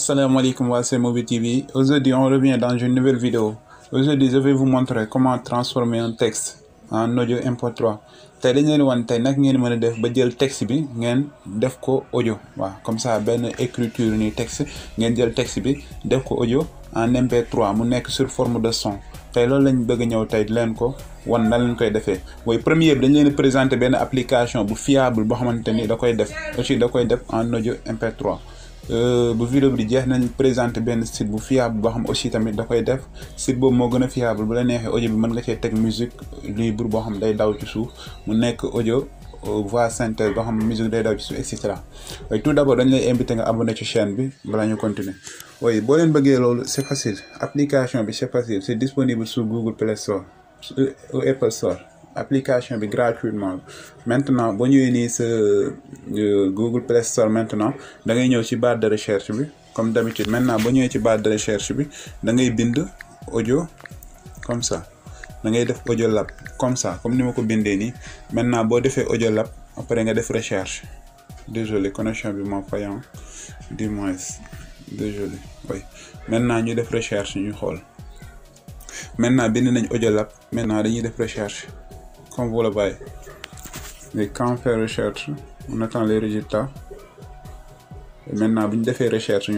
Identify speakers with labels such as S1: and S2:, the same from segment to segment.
S1: Salam alaikum wa Movie TV. Aujourd'hui, on revient dans une nouvelle vidéo. Aujourd'hui, je vais vous montrer comment transformer un texte en audio MP3. tey dañ leen wan tey nag def ba jël texte bi ngeen def ko audio comme ça ben écriture ni texte ngeen jël texte bi def audio en MP3 mu nekk sur forme de son tey loolu lañ bëgg ñëw tey ko wan na leen koy premier je dañ présenter une application bu fiable boo xamante ni da koy def en audio MP3 Euh, bu vidéo bi di jeex nañ présenté benn site bu fiable boo xam aussi tamit da koy def site boobu moo gën a fiable bu la neexee ojo bi mën nga cee teg musique libre boo xam day daw ci mu nekk ojo euh, voix synthèse boo xam musique day daw ci suuf et cetera waaye tout d'abord dañ lay invité nga abonné ci chaîne bi balaa ñu continuer waaye boo leen bëggee loolu c'est facile application bi c'est facile c'est disponible sur Google Play Store ou euh, Apple Store application bi gratuitement maintenant si vous ni un Google Play Store maintenant da ngay ñëw ci barre de recherche bi comme d'habitude maintenant boo une ci barre de recherche bi da ngay bind audio comme ça da ngay def audio lab comme ça comme ni ma ko maintenant si maintenant bo défé audio lab après nga def recherche désolé connexion bi moo fayant du moins désolé oui maintenant ñu def recherche ñu xol maintenant bind nañ audio lab maintenant dañuy def recherche vous le voyez. Mais quand on fait recherche, on attend les résultats. Et maintenant, vous avez fait recherche,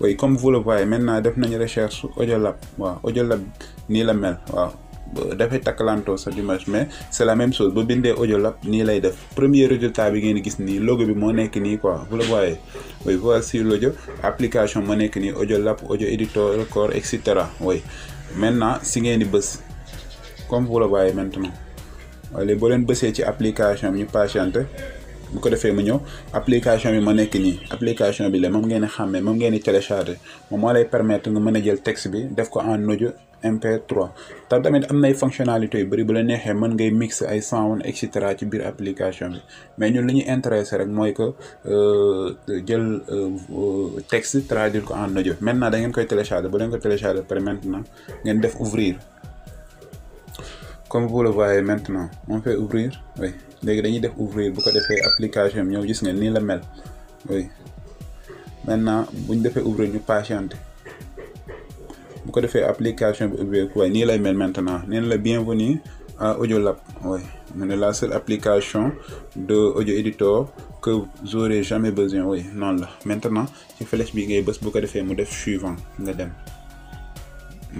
S1: Oui, comme vous le voyez, maintenant, fait une recherche Audiolab. audio lab ni la même dimanche mais c'est la même chose ni premier résultat bi gis logo quoi vous le voyez oui voici l'audio application moo nekk Audio audio editor record etc oui maintenant si vous avez comme vous le voyez maintenant waaye léegi boo leen bësee ci application bi ñu patienté bu ko defee mu ñëw application bi ma nekk nii application bi la moom ngeen di xàmmee moom ngeen di téléchargé moom moo lay permettre nga mën a jël texte bi def ko en nojo MP3 te tamit am nay fonctionnalités yu bëri bu la neexee mën ngay mix ay sound et ci biir application mais ñun li ñu intéressé rek mooy que euh, jël euh, texte traduire ko en audio maintenant da ngeen koy téléchargé bu leen ko téléchargé pare maintenant ngeen def ouvrir comme vous le voyez maintenant on fait ouvrir oui les que def ouvrir bu ko defee application bi vous gis nga nii la oui maintenant vous ñu ouvrir ñu patiente bu ko defee application oui, ubbeeku waaye ni lay mel maintenant Ni la bienvenue à Audiolab oui mais la seule application de audio editor que aurez jamais besoin oui non là. maintenant ci flèche bi ngay bës bu ko defee mu suivant nga dem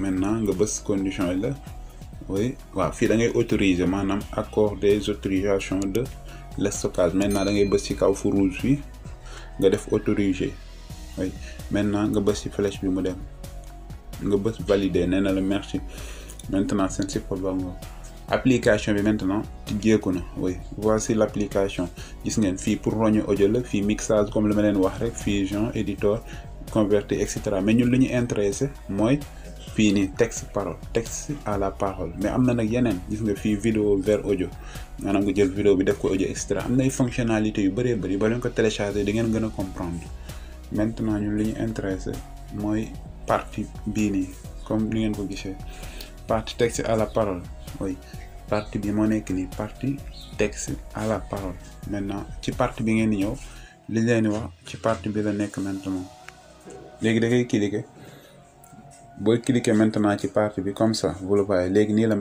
S1: maintenant nga condition la oui voilà fi da ngay autoriser manam accord des autorisations de le stockage maintenant da ngay bës ci kaw fu rouge bi nga def autoriser oui maintenant nga bës ci flèche bi mu dem nga bës valider nee le la merci maintenant c'est ce problème application bi maintenant tijjeeku na oui voici l'application, gis ngeen fi pour roño audio la fi mixage comme le ma wax rek fusion éditeur convertir et cetera mais ñun li ñu intéressé moy fini nii texte parole texte à la parole mais amna na yenen gis nga fi vidéo vers audio manam nga jël vidéo bi def ko audio extra amna ay fonctionnalité yu bari bari ba ko télécharger di ngeen gëna a comprendre maintenant ñu liñu intéressé moy partie bi ni comme ni ngeen ko gissé partie texte à la parole oui partie bi mo nek ni partie texte à la parole maintenant ci partie bi ngeen ñëw li leen wax ci partie bi la nek maintenant légui da ngay cliquer vous cliquez maintenant ci partie bi comme ça vous le voyez la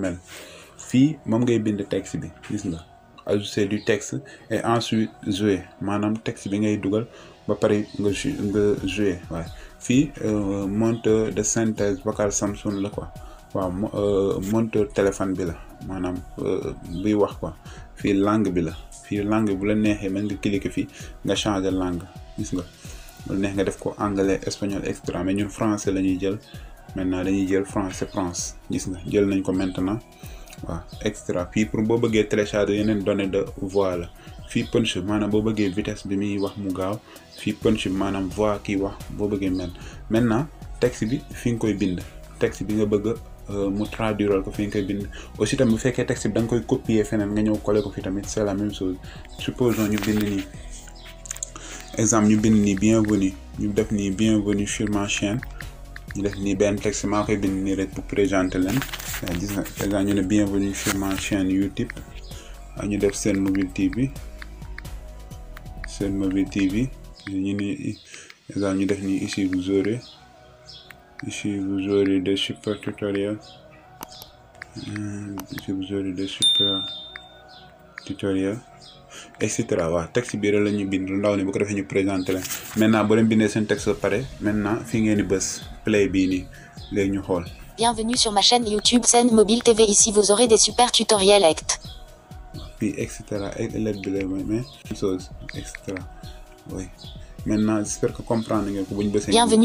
S1: ngay bind texte bi gis du texte et ensuite jouer manam texte bi ngay ba nga jouer euh, de synthèse vocal Samsung la quoi euh, téléphone bi la euh, quoi langue bi la langue la cliquer langue gis nga anglais espagnol extra mais ñun français maintenant dañuy jël franc c'est France gis nga jël nañ ko maintenant waaw extra fii pour boo bëggee télécharger yeneen données de voix la fii punch maanaam boo bëggee vitesse bi muy wax mu gaaw fii punch maanaam voix kii wax boo bëggee mel maintenant texte bi fi nga koy bind texte bi nga bëgg euh, mu traduire ko fi nga koy bind aussi tam bu fekkee texte bi da nga koy copier feneen nga ñëw coller ko fi tamit c'est la même chose supposons ñu bind nii exemple ñu bind nii bienvenue ñu def nii bienvenue sur ma chaîne ñu def nii benn texte maa koy bind nii rek pour présenter leen euh, gis nga par exemple ñu ne bienvenue sur ma chaîne YouTube euh, ñu def seen mobile TV seen mobile TV ñu ni par ñu def nii ici vous aurez ici vous aurez des super tutoriels euh, ici vous aurez des super tutoriels et cetera waaw texte bi rek la ñuy bind lu ndaw ni bu ko defee ñu présenter leen maintenant boo leen bindee seen texte ba pare maintenant fii ngeen di bës.
S2: Bienvenue sur ma chaîne YouTube scène Mobile TV ici vous aurez des super tutoriels ACT. Bienvenue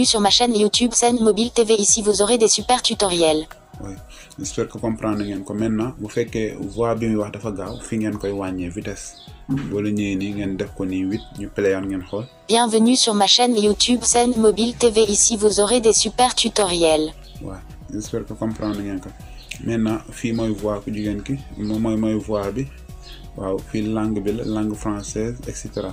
S2: sur ma chaîne YouTube scène Mobile TV ici vous aurez des super tutoriels
S1: oui j'espère que comprendre ngeen ko maintenant bu fekkee voix bi muy wax dafa gaaw fi ngeen koy wàññee vitesse. wala ñëwee nii ngeen def ko ni huit ñu playoon ngeen xol
S2: bienvenue sur ma chaîne YouTube Sen Mobile TV ici vous aurez des super tutoriels.
S1: ouais j'espère que comprendre ngeen ko maintenant fi moy voix ku jigéen ki moom mooy mooy voix bi waaw fi langue bi la langue française etc. cetera.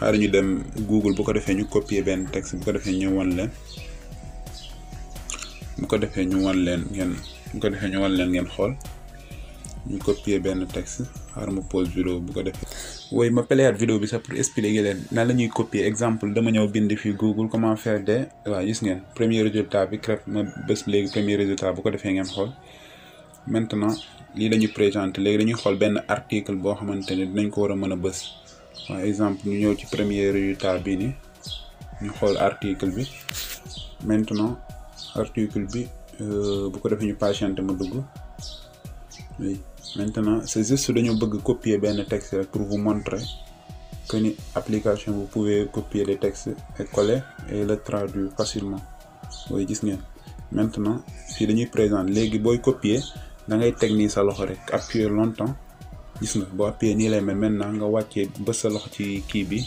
S1: xaar ñu dem Google bu ko defee ñu copier benn texte bu ko defee ñu wan leen bu ko defee ñu wan leen ngeen bu ko defee ñu leen ngeen xool ñu copier benn texte xaar ma pause vidéo bu ko defee. woy ma playaat vidéo bi sax pour expliquer leen nan la ñuy copier exemple dama ñëw bind fii Google comment faire des waaw gis ngeen premier résultat bi crêpe ma bés léegi premier résultat bu ko defee ngeen xool maintenant lii lañuy présenté léegi dañuy xool benn article boo xamante ne dinañ ko war a mën a bës. par exemple nous avons le premier résultat Nous nous ñu l'article article bi maintenant article bi euh, bu ko defee ñu patiente mu oui maintenant c'est juste nous bëgg copier le texte pour vous montrer que l'application, application vous pouvez copier les textes et coller et le traduire facilement oui gis ngeen maintenant si dañuy présent vous pouvez copier dans ngay techniques nii sa appuyer longtemps gis nga boo appuyé nii lay mel maintenant nga wàccee bës sa loxo ci kii bi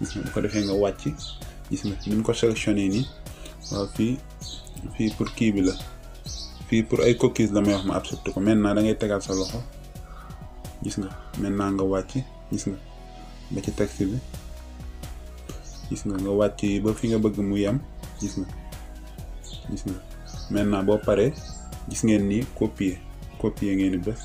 S1: gis nga bu ko defee nga wàcc gis nga ni ñu ko nii waaw pour kii bi la fii pour ay cookies la may wax ma accepté ko maintenant da ngay tegal sa gis nga maintenant nga wàcc gis nga ba ci texte bi gis nga nga wàcc ba fi nga bëgg mu yem gis nga gis nga maintenant boo paree gis ngeen ni copier copier ngeen di bës.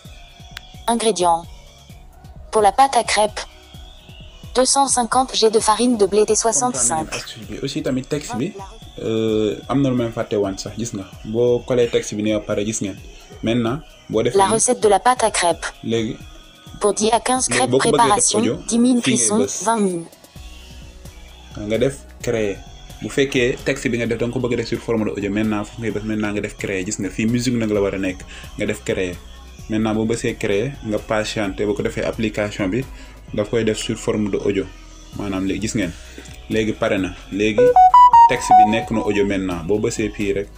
S2: Ingrédients. Pour la pâte à crêpes, 250 g de farine de blé T65.
S1: aussi le texte bi euh, am na lu ma fàtte woon sax gis nga boo collé texte bi nii ba pare gis ngeen maintenant boo def. la recette
S2: de la pâte à crêpes.
S1: pour 10 à 15 crêpes préparation 10 000 cuisson 20 000. nga def créer bu fekkee texte bi nga def da nga ko bëgg a def sur forme de audio maintenant foofu ngay bës maintenant nga def créer gis nga fii musique nag la war a nekk nga def créer maintenant boo bësee créer nga patienter bu ko defee application bi daf koy def sur forme de audio manam léegi gis ngeen légui pare na léegi texte bi nek no audio maintenant rek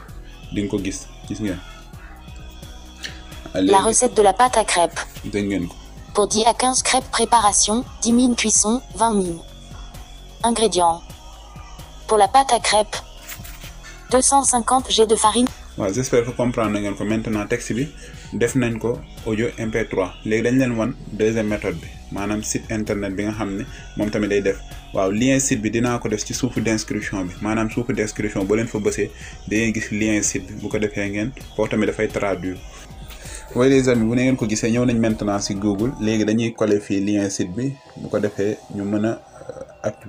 S1: ko gis gis la recette
S2: de la pâte à crêpes. pour 10 à 15 crêpes préparation 10 000 cuisson 20 000. ingrédients. pour la pâte à crêpes 250 g de farine.
S1: waaw j' espère que comprendre na ngeen ko maintenant texte bi def nañ ko audio MP3 léegi dañ leen wan deuxième méthode bi maanaam site internet bi nga xam ne moom tamit day def waaw lien site bi dinaa ko def ci suufu description bi maanaam suufu description boo leen fa bësee dangay gis lien site bi bu ko defee ngeen foofu tamit dafay traduire. waaye les amis bu ne ngeen ko gisee ñëw nañ maintenant si Google léegi dañuy coller fii lien site bi bu ko defee ñu mën a. acte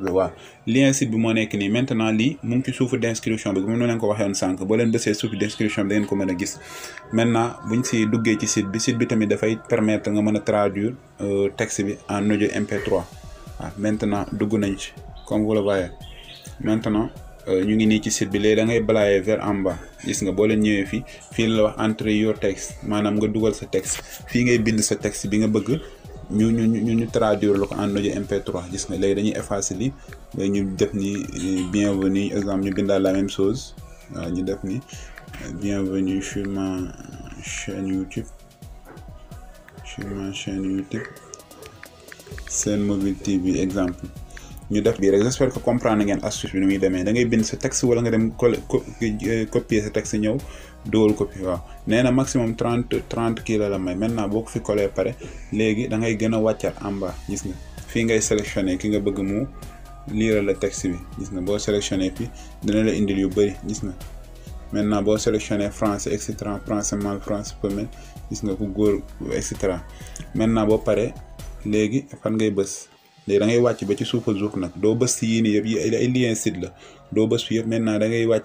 S1: lien site bi mo nek ni maintenant li mu ngi ci d'inscription bi mu leen ko waxee woon sànq boo leen bësee suufu d'inscription bi da ngeen ko meuna gis maintenant buñ ci duggé ci site bi site bi tamit da fay permettre nga meuna traduire euh texte bi en audio MP3 waaw maintenant duggu nañ ci comme vous le voyez maintenant euh, ñu ngi ni ci site bi lé da ngay blayer vers en bas gis nga bo len ñëwé fi fi la wax entrer your text manam nga duggal sa texte fi ngay bind sa texte bi nga bëgg. ñu ñu ñu ñu traduire la ko en audio MP3 gis nga léegi dañuy effacer li léegi ñu def ni bienvenue exemple ñu bindaal la même chose waaw ñu def ni bienvenue sur ma chaîne YouTube sur ma chaîne YouTube seen Mobile TV exemple. ñu def bi rek j'espère que comprendre ngeen astuce bi ni muy demee da ngay bind sa texte wala nga dem euh, copier sa texte ñëw dool ko fi waaw nee na maximum 30 30 kilo la may maintenant boo ko fi collé pare léegi da ngay gën a wàccal en bas gis nga fii ngay sélectionné ki nga bëgg mu lire la texte bi gis nga boo sélectionné fi dina la indil yu bëri gis nga maintenant boo sélectionné français et cetera français mal français femelle gis nga ku góor et cetera maintenant boo pare léegi fan ngay bës. ba ci site la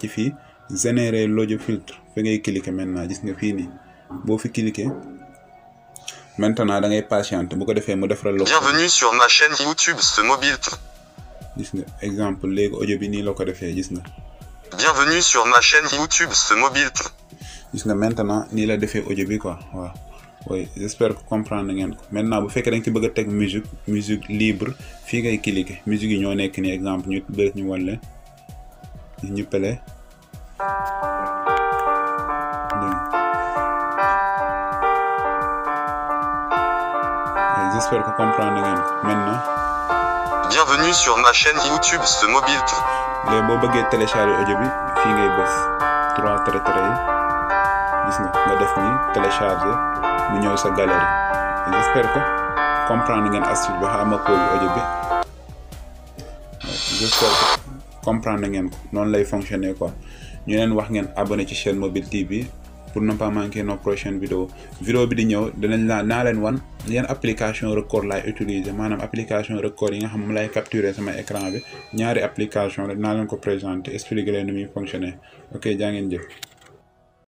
S1: fi maintenant filtre ngay cliquer maintenant gis nga maintenant patiente bu bienvenue
S2: sur ma chaîne YouTube ce mobile.
S1: exemple léegi audio bi nii la
S2: bienvenue sur ma chaîne YouTube ce mobile.
S1: maintenant nii la defee audio bi quoi oui j'espère que comprendre ngeen ko maintenant bu fekkee da nga ci bëgg a teg musique musique libre fii ngay cliquer musique yi ñoo nekk ni exemple ñu bëri ñu wan leen ñu pele j' espère que comprendre ngeen ko maintenant.
S2: bienvenue sur ma chaîne YouTube ce mobile tout.
S1: léegi boo bëggee télécharger audio bi fii ngay bës trois traits yi gis nga nga def ni télécharger. mu ñëw sa galerie j'espère que comprendre ngeen astuce bi xaama pause audio bi j'espère que comprendre ngeen ko noonu lay fonctionner quoi ñu neen wax ngeen abonné ci chaîne mobile TV pour ne pas manquer nos prochaines vidéos vidéo bi di ñëw dinañ la naa leen wan yan application record laay utiliser maanaam application record yi nga xam moom laay capturer sama écran bi ñaari application rek naa leen ko présenter expliquer leen fonctionner ok jaa ngeen jëf